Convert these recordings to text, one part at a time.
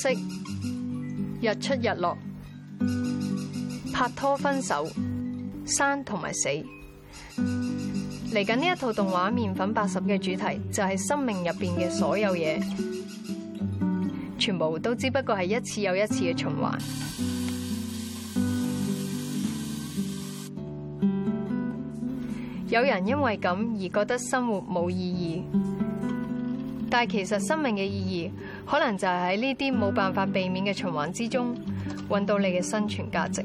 色，日出日落，拍拖分手，生同埋死，嚟緊呢一套動畫《麵粉八十》嘅主題就係生命入邊嘅所有嘢，全部都只不過係一次又一次嘅循環。有人因為咁而覺得生活冇意義。但係，其實生命嘅意義，可能就係喺呢啲冇辦法避免嘅循環之中，揾到你嘅生存價值。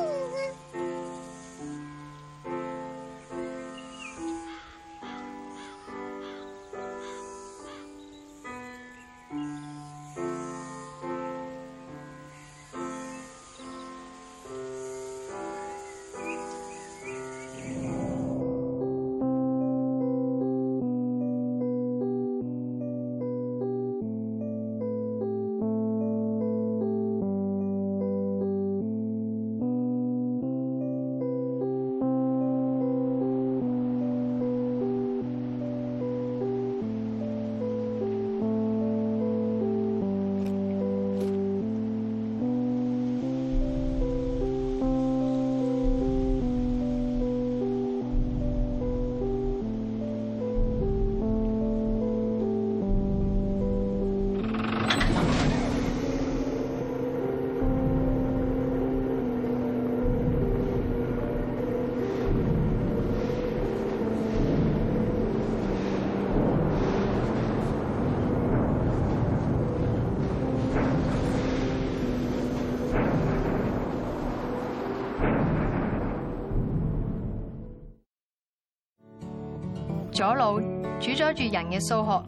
左腦主宰住人嘅數學、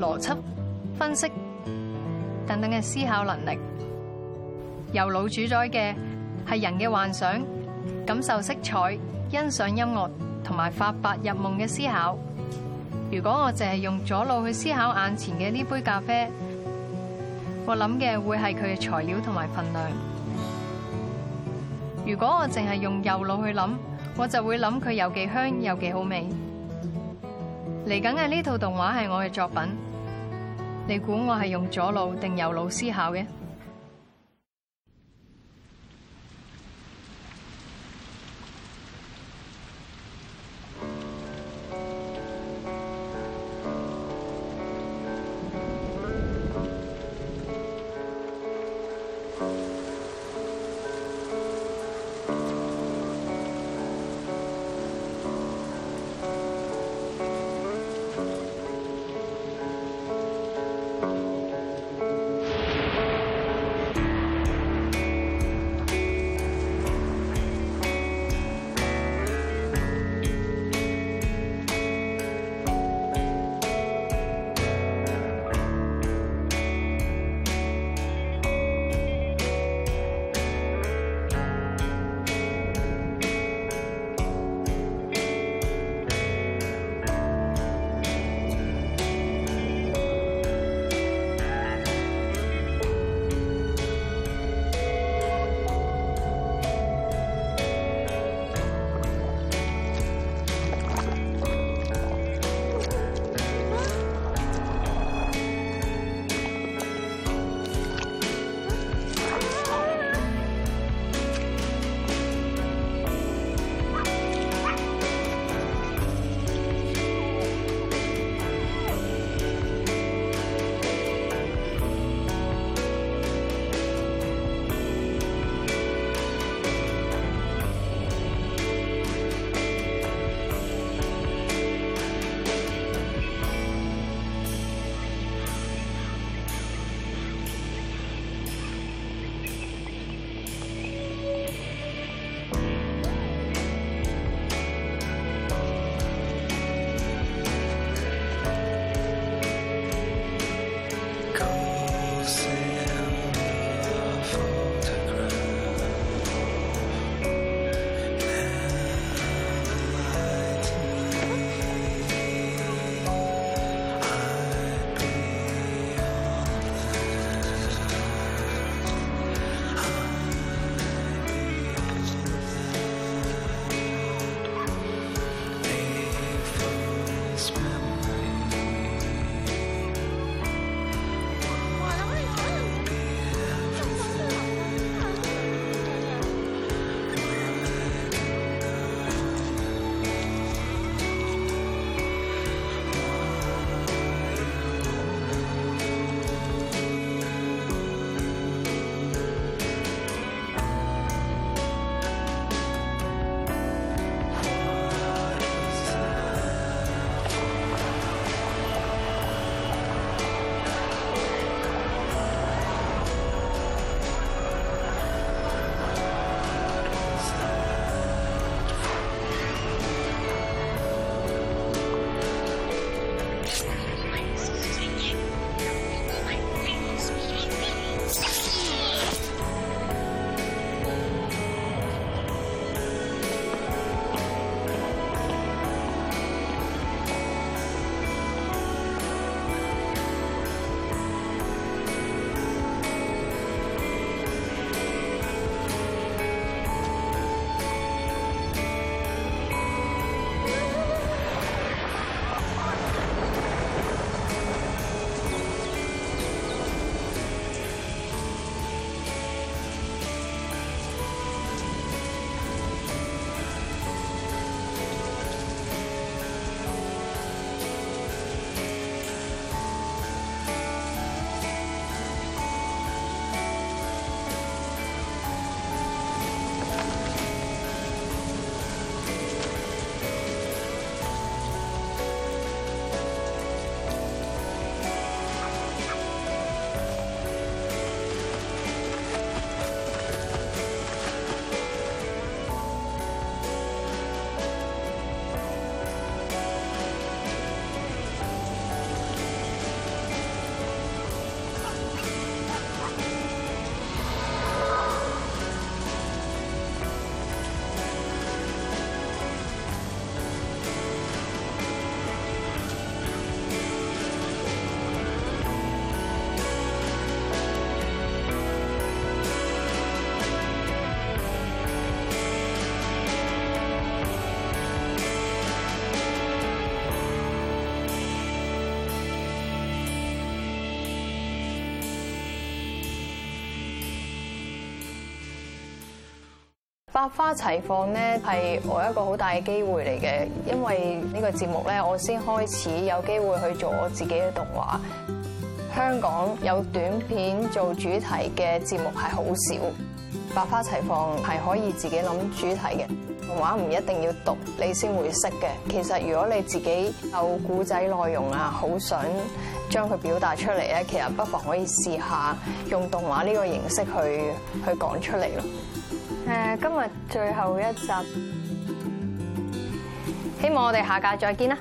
邏輯、分析等等嘅思考能力；右腦主宰嘅係人嘅幻想、感受色彩、欣賞音樂同埋發白入夢嘅思考。如果我淨係用左腦去思考眼前嘅呢杯咖啡，我諗嘅會係佢嘅材料同埋份量。如果我淨係用右腦去諗，我就會諗佢有幾香，有幾好味。嚟緊嘅呢套動畫係我嘅作品，你估我係用左腦定右腦思考嘅？百花齊放咧，係我一個好大嘅機會嚟嘅，因為呢個節目咧，我先開始有機會去做我自己嘅動畫。香港有短片做主題嘅節目係好少，百花齊放係可以自己諗主題嘅。動畫唔一定要讀你先會識嘅，其實如果你自己有故仔內容啊，好想將佢表達出嚟咧，其實不妨可以試下用動畫呢個形式去去講出嚟咯。誒，今日最後一集，希望我哋下屆再見啦！